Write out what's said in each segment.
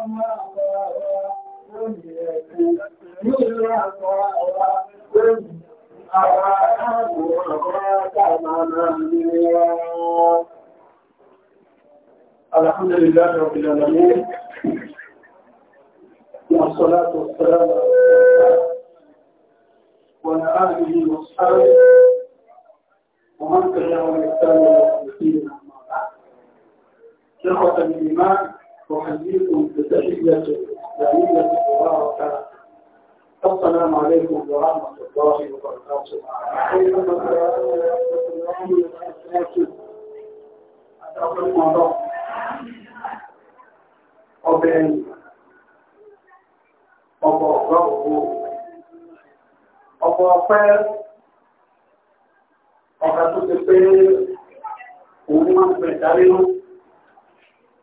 الحمد لله رب العالمين والصلاة والسلام وعلى آله وصحبه ومن تبعهم بإحسان إلى يوم الدين أما بعد إخوة الإيمان أحييكم بتحية إسلامية مباركة السلام عليكم ورحمة الله وبركاته. Ọbẹ̀ ọbọ̀ ọ̀gá òwò, ọbọ̀ ọpẹ́ ọ̀gá tó ti pé òun máa ń pẹ̀ dárí náà.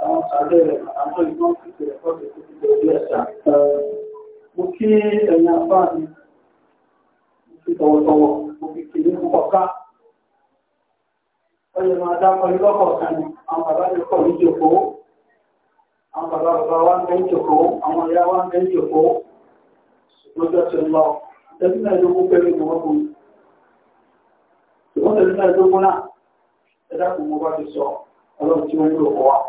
àtàwọn sáré rẹ̀ àtàwọn ìgbọ́n ti tẹ̀lé Mo fi tọ̀wọ̀tọ̀wọ̀ mo fi kìlí Ó yẹ máa dákọ̀ ní lọ́kọ̀ọ̀kan àwọn bàbá mi kọ̀ ní ìjòkó. Àwọn bàbá bàbá wa ń bẹ ìjòkó, àwọn ìyá wa ń bẹ ìjòkó. Lọ́jọ́ ti lọ. Ìtẹ́sí náà ló kó pẹ́lú ìwọ́n kò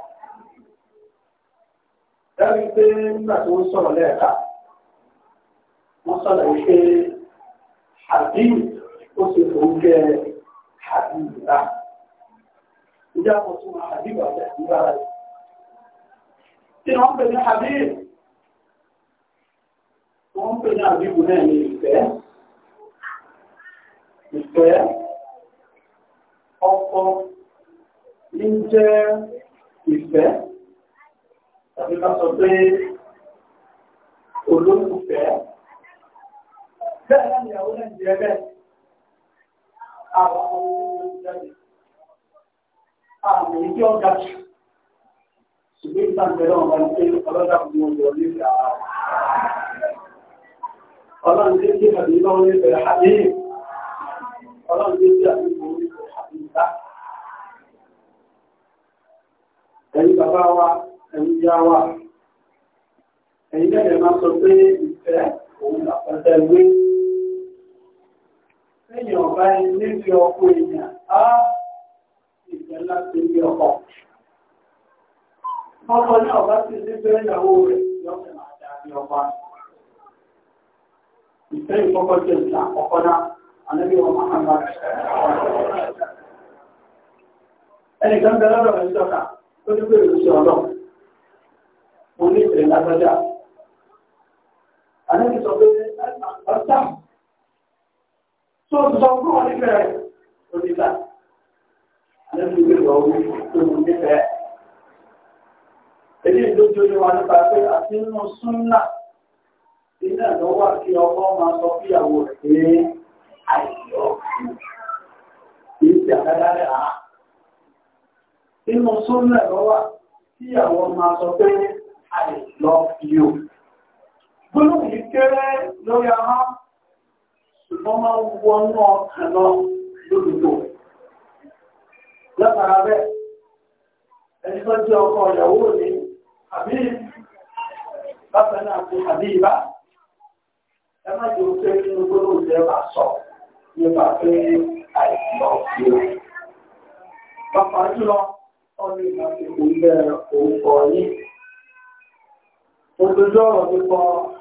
dárí pé nígbà tí wọ́n sọ̀rọ̀ lẹ́ẹ̀ka wọ́n sọ̀rọ̀ yìí pé àdínù ó ṣe fòun jẹ́ àdínù náà ìjà kan tún máa àdínù àti àdínù ara rẹ̀ tí wọ́n pè ní àdínù wọ́n pè ní àdínù náà ní ìfẹ́ ìfẹ́ ọkọ ní jẹ́ ìfẹ́ tàbí ká sọ pé olólùfẹ́ bẹ́ẹ̀ láti ìyàwó náà jẹ́ àwọn ọmọ àmì ìjọ ga jù ṣùgbọ́n ìgbà ọmọ ìpé ọlọ́dà fún ọjọ́ bàbá wa ẹ̀yìn yá wà ẹ̀yìn lẹ́yìn máa sọ pé ìfẹ́ òun làpẹtẹ wé lẹ́yìn ọ̀gá ilé fi ọkọ̀ èèyàn á ìfẹ́ láti ilé ọkọ̀ ọkọ̀ ní ọ̀gá ti ní pé ìyàwó rẹ̀ lọ́sẹ̀ máa dá ní ọkọ̀ ìfẹ́ ìkọ́kọ́ jẹ́ ìlà àkọ́kọ́ náà ànábì wọn máa ń bá ẹnìkan bẹ lọ́dọ̀ rẹ̀ sọ́ta ó ní pé ìrúsí ọlọ́run onífẹ̀ẹ́ lágbájá. Àlẹ́ mi sọ pé ọ̀tá tó sọ fún wọn nífẹ̀ẹ́ rẹ̀ oníta. Àlẹ́ mi gbé lọ wí pé mo nífẹ̀ẹ́. Èdè ìdójú ni wọn nípa pé àti nínú súnnà ilé ẹ̀dọ́ wà kí ọkọ máa sọ fíyàwó rẹ̀ pé àìyọ́ kì í ṣe àdádálẹ̀ àá. Nínú súnnà ẹ̀dọ́ wà kíyàwó máa sọ pé I love you. Gbólóhùn yìí kéré lórí ahọ́n, ṣùgbọ́n máa ń wọnú ọkàn lọ lódodo. Lọ́kàrà bẹ́ẹ̀, ẹni tó jẹ́ ọkọ ìyàwó ni, àbí bákan náà ti àbí ìbá. Ẹ má jẹ́ òkè nínú gbólóhùn jẹ́ bá sọ nípa pé àìsàn ọ̀gbìn. Bàbá jùlọ, ọ̀nà ìgbà tí kò ń bẹ̀rẹ̀ òun kọ̀ yìí òdòdó ọ̀rọ̀ nípa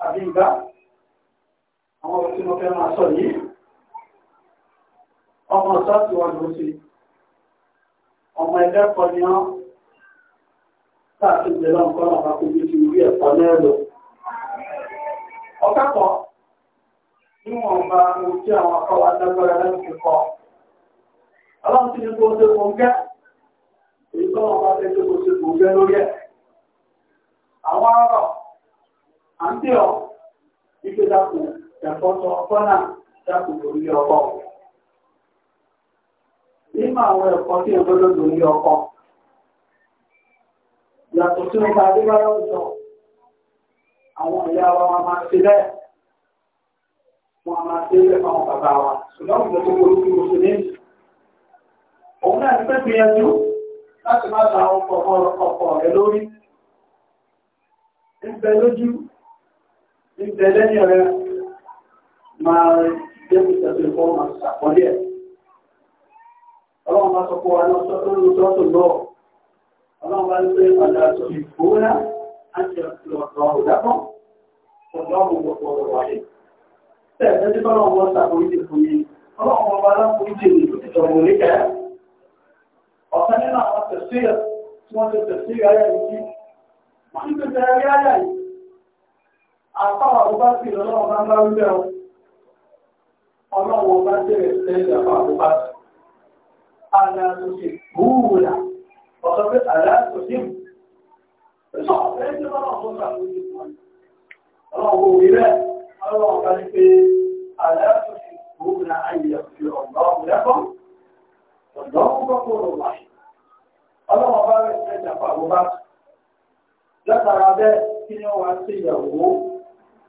àbíǹgá àwọn ọ̀rọ̀ tí mo fẹ́ máa sọ yìí ọmọ sáàtì wà ló sí ọmọ ẹlẹ́kọ̀ọ́ ni wọ́n sáàtì ìjẹlọ nǹkan àwọn akójú ti rí ẹ̀kọ́ náà lọ ọ̀kápọ̀ níwọ̀nba mo jẹ́ àwọn akọ́wà dágbára lẹ́nu kọ́ ọlọ́run ti ní kó ṣe kó ń gẹ́ èyí tó wọn bá fẹ́ ṣe kó ṣe kó ń gẹ́ lórí ẹ̀ àwọn ọ̀rọ̀ àǹtíọ̀ wípé dákun ẹ̀fọ́ sọ ọkọ ọkọ. nínú àwọn ẹ̀kọ́ tí ẹ̀ gbọ́dọ̀ ọkọ yàtọ̀ tí wọ́n bá adébáyọ̀ àwọn ìyá wa wọn máa si bẹ́ẹ̀ wọn a wa ṣùgbọ́n tó kí mo ṣe ní òun náà ti pẹ́pẹ́ láti má ta níbẹ̀ lẹ́yìn rẹ̀ máa jẹ́ ìtẹ̀sí ìfọ́ máa ṣàpọ́lé ẹ̀. ọlọ́run bá sọ fún wa náà sọ tó ń sọ tó lọ ọlọ́run bá ń pè ọ̀dà tó fi gbóná láti ọ̀dọ̀ ọ̀dàpọ̀ ọ̀dọ̀ ọ̀gbọ̀gbọ̀ ọ̀rọ̀ wáyé. tẹ̀sẹ̀ tí ọlọ́run wọn ṣàkóríjì fún mi ọlọ́run wọn bá lákòójì mi tó ti tọ̀wọ̀ oníkẹ́. ọ̀kan wọ́n ti tẹ̀síyà ayà yìí àtàwọn àbúbáṣì lọ́wọ́ bá ń bá wípé ọ ọlọ́wọ́ bá jẹ́rẹ̀ tẹ́lẹ̀ àwọn àbúbáṣì aláàtúnṣe búrúdà ọ̀sọ̀ pé aláàtúnṣe sọ ẹni tí wọ́n lọ́wọ́ bá ń bá ọlọ́wọ́ wí rẹ̀ ọlọ́wọ́ bá ní pé aláàtúnṣe búrúdà ayé fi ọ̀gbọ́n lẹ́kọ́ ọ̀dọ́ gbọ́kọ̀ọ́ wáyé ọlọ́wọ́ bá rẹ̀ tẹ́lẹ̀ àwọn àbúbáṣì látara bẹ́ẹ̀ kí ni wọ́n wá sí ìyàwó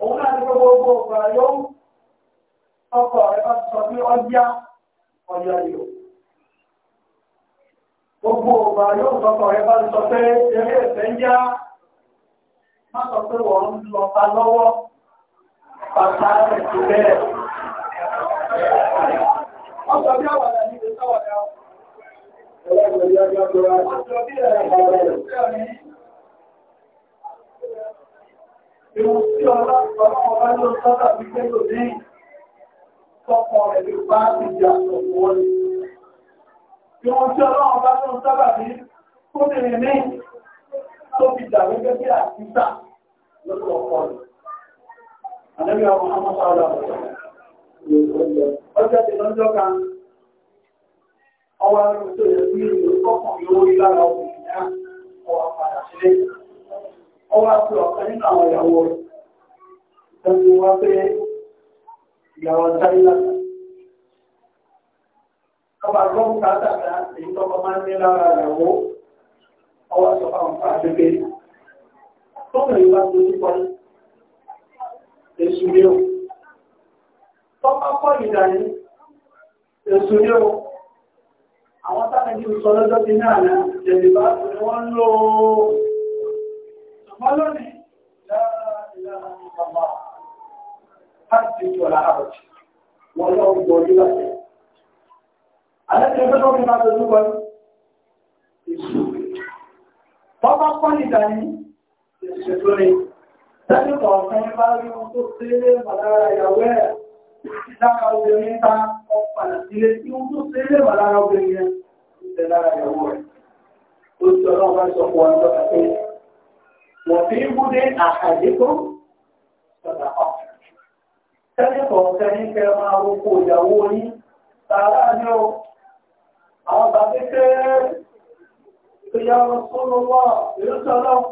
òun náà ní gbogbo ọgbà yóò ọkọ̀ rẹ̀ ti sọ pé ọjà ọjà yìí Gbogbo ọgbà yóò sọkọ̀ rẹ̀ ti sọ pé eré ẹ̀fẹ́ ń já má sọ pé wọ́n ń lọ pa lọ́wọ́ bàtà rẹ̀ ti bẹ́ẹ̀. Wọ́n bí àwàdà ní ìgbésàwàdà. Ẹ̀rọ ìgbẹ̀lẹ́ ọjọ́ ìgbẹ̀lẹ́ ọjọ́ ìgbẹ̀lẹ́ Ìwọ̀n tí ọlá ọlọ́pàá ló sọ́dọ̀ bí kéjò ní tọ́pọ̀ rẹ̀ ló bá ti jà ọ̀pọ̀ wọn. Ìwọ̀n tí ọlọ́pàá ló sọ́dọ̀ bí tó bèèrè ní tó fi jà gẹ́gẹ́ bí àtìsà lọ́dọ̀ ọ̀pọ̀ rẹ̀. Àdẹ́bí ọmọ ọmọ sáwọ́dà ọjọ́ ti lọ́jọ́ kan ọwọ́ arúgbó tó yẹ kí ìlú tọ́kàn ọwọ́ àti ọ̀kan nínú àwọn ìyàwó rẹ̀ tẹ́lú wá pé ìyàwó táìlá ọba gbọ́n kátàkà èyí tọ́kọ máa ń ní lára ìyàwó ọwọ́ sọ fáwọn fàájúgbé tó mọ̀ ìwà tó ti pọ̀ èsù yóò tọ́pá pọ̀ ìdáyé ṣùgbọ́n lónìí láàrín ìgbàmà láti ìjọra àbọ̀jì wọ́n lọ gbọ́ orí láti alẹ́kẹ̀ẹ́ tó fi máa dojú wọn èṣù bọ́bá pọ́n ìdáyí èṣù tó rí lẹ́yìnkọ̀ ọ̀sán bá rí ohun tó tẹ́lẹ̀ mọ̀lára ìyàwó ẹ̀ ìdáka obìnrin ta ọpàdà sílé tí ohun tó tẹ́lẹ̀ mọ̀lára obìnrin ẹ̀ lára ìyàwó ẹ̀ tó ti ọlọ́run bá sọ fún wa lọ́ta pé وفي بدن أحدكم صدقة كان يقولون كما روكو جاوني ترانيو أو ذلك يا رسول الله يرسل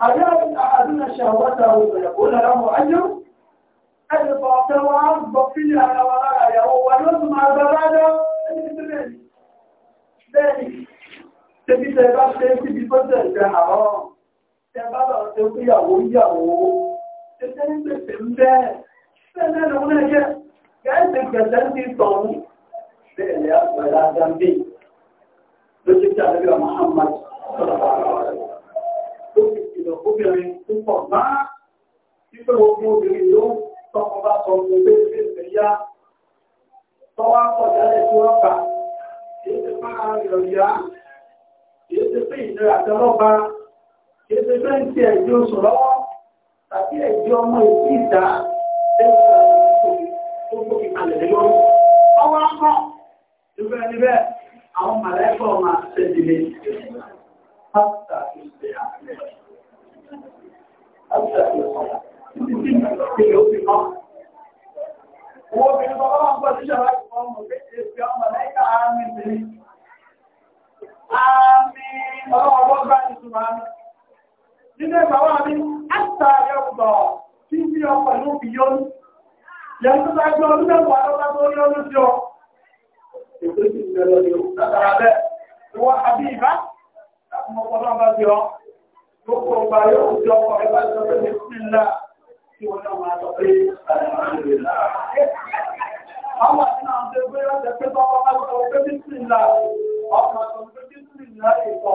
أجاب أحدنا شهوته ويقول له أجر أجر وعن بقية على وراء يهو ونظم على بلادة ذلك Tẹ́bí tẹ bá ṣe síbi tó tẹ̀ jẹ àwọn tẹ bá lọ ṣe fúyàwó yàwó. Tẹ́tẹ́ ní pèsè ń bẹ́ẹ̀. Tẹ́tẹ́ lòun náà jẹ́ gẹ́ẹ̀sì gẹ̀ẹ́sẹ̀ ti tọ̀hún. Bẹ́ẹ̀ ni àgbẹ̀lá Jambi ló ti tẹ̀ àlẹ́bíwá Muhammad sọ̀rọ̀ àwọn ọ̀rẹ́. Ó fi kìlọ̀ obìnrin púpọ̀ máa títọ́ ogun obìnrin yóò tọ́kọ bá sọ fún pé ṣe fẹ́ yá tọ́wọ́ pọ̀ jálẹ̀ tí wọ́n kà. Èyí ti máa rẹ̀ yá kìí ṣe pé ìnira àtọlọ́ba kìí ṣe pé ń ti ẹ̀jẹ̀ oṣù lọ́wọ́ tàbí ẹ̀jẹ̀ ọmọ ìdí ìdá gbogbo ìkàlẹ̀ lórí. ọwọ́ akọ́ ìfẹ́ níbẹ̀ àwọn màlẹ́kọ̀ máa ṣèdílé pátá ìṣẹ́ àti ìṣẹ́ òfin náà. Owó obìnrin bọ́lá wọn gbọ́ sí ṣàlàyé fún ọmọ pé èsì ọmọ lẹ́yìn àárín ìṣẹ́lẹ̀. bá ti túnmá nínú ẹgbà wà ní àtà ẹgbọ̀ tí ń bí ọkọ̀ ìlú fi yọ́nú yẹn tó bá gbọ́ ọdún mẹ́wàá lọ́gbà tó yọ́nú sí ọ ètò o látara bẹ́ẹ̀ ìwọ àti náà ń tẹ́ gbé láti ẹ pé tọ́kọ́ bá sọ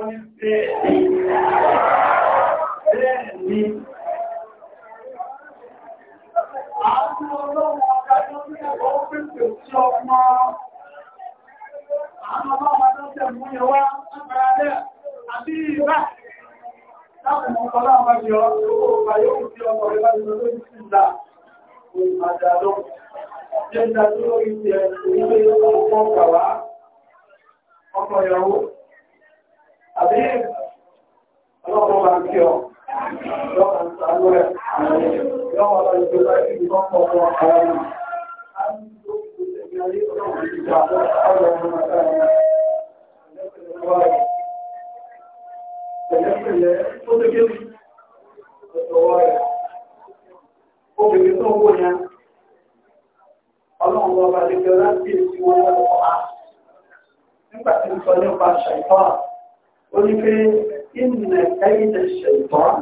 Ó ní bẹ́ẹ̀ ni, bẹ́ẹ̀ ni. Àwọn ọlọ́run adájọ́ ní ẹ̀kọ́ ó pèsè sí ọmọ. Àwọn ọlọ́run adájọ́ mú yẹ wá lápàá rẹ̀ àbí ìbá. Láàrín ọ̀pọ̀lá ọmọ bí ọ, ó bá yóò fi ọmọ rẹ̀ bá jùlọ lórí sí ìlà. Ó ìbàdà lọ. Jẹ́ ìdájú lórí ti ẹ̀ ọlọ́pọ̀ ọlọ́run ọba lè láti èsì wọn lọ́pàá. Nígbàtí ń sọ nípa ṣàìtọ́ ó ní pé ìnà ẹ̀yìnlẹ̀ ṣẹ̀tọ́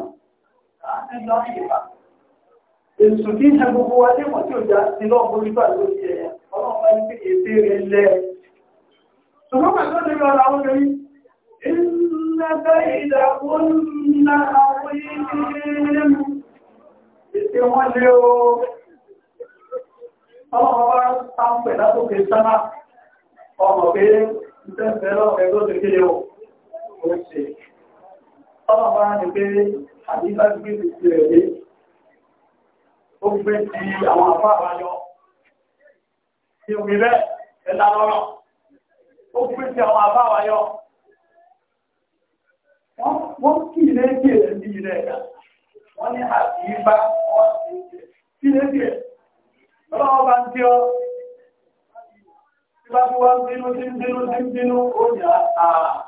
ẹ̀lọ́ ìgbà èsù kí ẹ gbogbo wa ní wọ́n tí ó já sí lọ́wọ́ orípa lórí ẹ̀yà ọlọ́pàá ní pé èdè rẹ̀ lẹ́ ṣùgbọ́n pẹ̀lú ọdún yọ ara ọmọ pé ń fẹ́ fẹ́ lọ́wọ́ ẹgbẹ́ òṣèlú ó ṣe ọlọ́run ní pé àdíbá gbé ti rẹ̀ ó gbé ti àwọn àpá àbáyọ tí omi rẹ̀ ẹ̀dá lọ́rọ̀ ó gbé ti àwọn àpá àbáyọ wọ́n kí ilé kí ní ilé ẹ̀dá wọ́n ní àdíbá wọ́n kí ilé bá ń bínú sí ń bínú sí ń bínú ó yà á.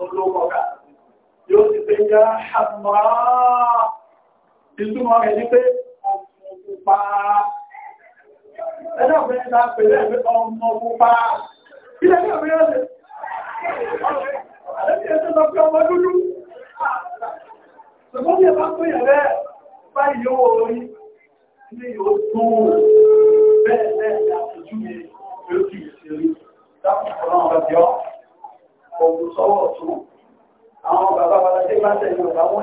olókọ̀ọ́kà yóò ti pé já àmà ìtumọ̀ rẹ̀ ní pé ọmọ pupa ẹjọ́ pé ta pèlẹ̀ pé ọmọ pupa ilẹ̀ ní ọmọ yóò Àdébí ẹjọ́ lọ pé ọmọ dúdú. Ṣùgbọ́n bí ẹ bá pè rẹ̀ báyìí sọ́wọ́ ọ̀tún àwọn bàbá wa láti bá tẹ̀lé ọ̀gá àwọn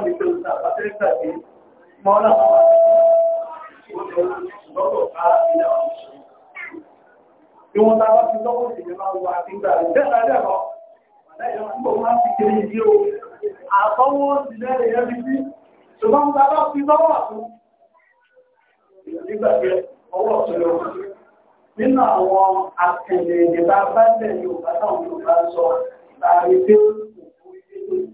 Ìwọ̀n ta bá fi lọ́wọ́ ìdílé máa wà bá fi nínú àwọn akẹ̀lẹ̀ ìdìbà bá bẹ̀rẹ̀ Yorùbá táwọn Yorùbá sọ láàrin pé òkú ilé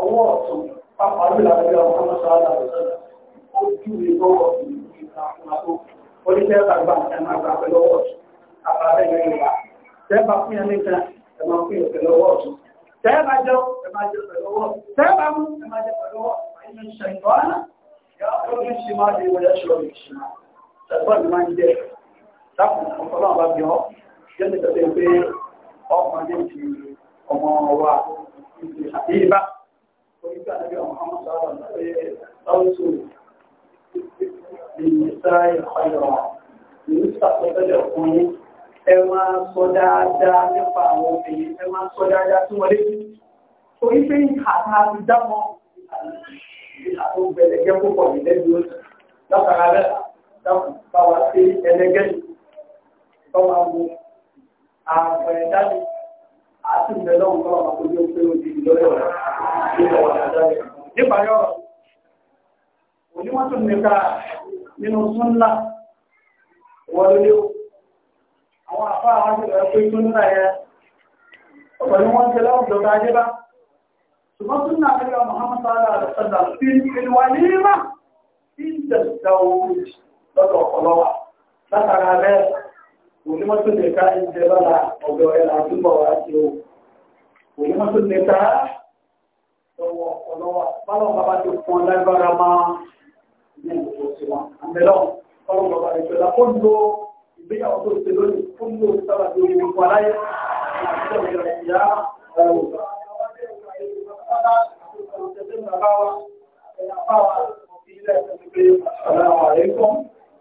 ọwọ́ ọ̀tún pápá nílà lórí àwọn ọmọ sáárà lọ́sọ̀rọ̀ ó jù lè lọ́wọ́ ìgbà fún àtó oníṣẹ́ àgbà ẹ̀mà àgbà pẹ̀lú ọwọ́ ọ̀tún àbábẹ́ yorùbá tẹ́ẹ̀bà fún yẹn nìkan ẹ̀mà fún yẹn pẹ̀lú ọwọ́ ọ̀tún tẹ́ẹ̀bà jọ ẹ̀mà jẹ pẹ̀lú ọwọ́ tẹ́ẹ̀bà mú ẹ̀mà jẹ pẹ̀lú ọwọ́ ẹ̀mà ṣẹ̀gbọ́n yà ó ní ṣìmá ní ìwọlẹ̀ ṣọ́ọ̀rì ṣìmá ṣẹ̀gbọ́n ni máa ń jẹ́ dákùn ọ̀pọ̀lọ́wọ́ bá bí ọ́ yẹ́nì ọmọ wa àbíyíbá oríṣi àti ọmọ ọmọ sọ̀rọ̀ lọ́wọ́sọ ìyẹ̀sá ìpayọ̀ ìrúsàtọ̀tẹ́lẹ̀ ọkùnrin ẹ máa sọ dáadáa nípa àwọn obìnrin ẹ máa sọ dáadáa tí wọ́n lé sí ìhàtà ti dámọ́ ìhàtò gbẹ̀lẹ̀gẹ́ púpọ̀ nílẹ́bí ó rẹ̀ dákùn bá wa sí ẹlẹ́gẹ́ àti ìbẹ̀lọ́ nǹkan àkókò ní pé ó di ìlọ́yọ̀ rẹ̀ nínú ọ̀dà dáyẹ̀. nípa yọ̀rọ̀ oníwọ́n tún nìka nínú súnlá wọlé lé àwọn àfá àwọn àti ìbẹ̀rẹ̀ pé súnlá yẹn ó Muhammad sallallahu alaihi wasallam fi ń wà ní ìmá ìdẹ̀dẹ̀ òwúrọ̀ lọ́dọ̀ ọ̀pọ̀lọ́wà látara bẹ́ẹ̀ onímọ̀ tó lè ká ìjẹ lára ọ̀dọ̀ ẹ̀ àdúgbò àti o onímọ̀ tó lè ká lọ́wọ́ ọlọ́wọ́ báwọn bàbá ti fún lágbára máa ní ìwòsàn sí wọn àmẹ́lọ́ báwọn bàbá ti fẹ́lá ó lo ìgbéyàwó tó ṣe lónìí ó lo sábà tó yẹ kó aláyẹ àti ọ̀rọ̀ ìyá ọ̀rọ̀ Assalamu alaikum.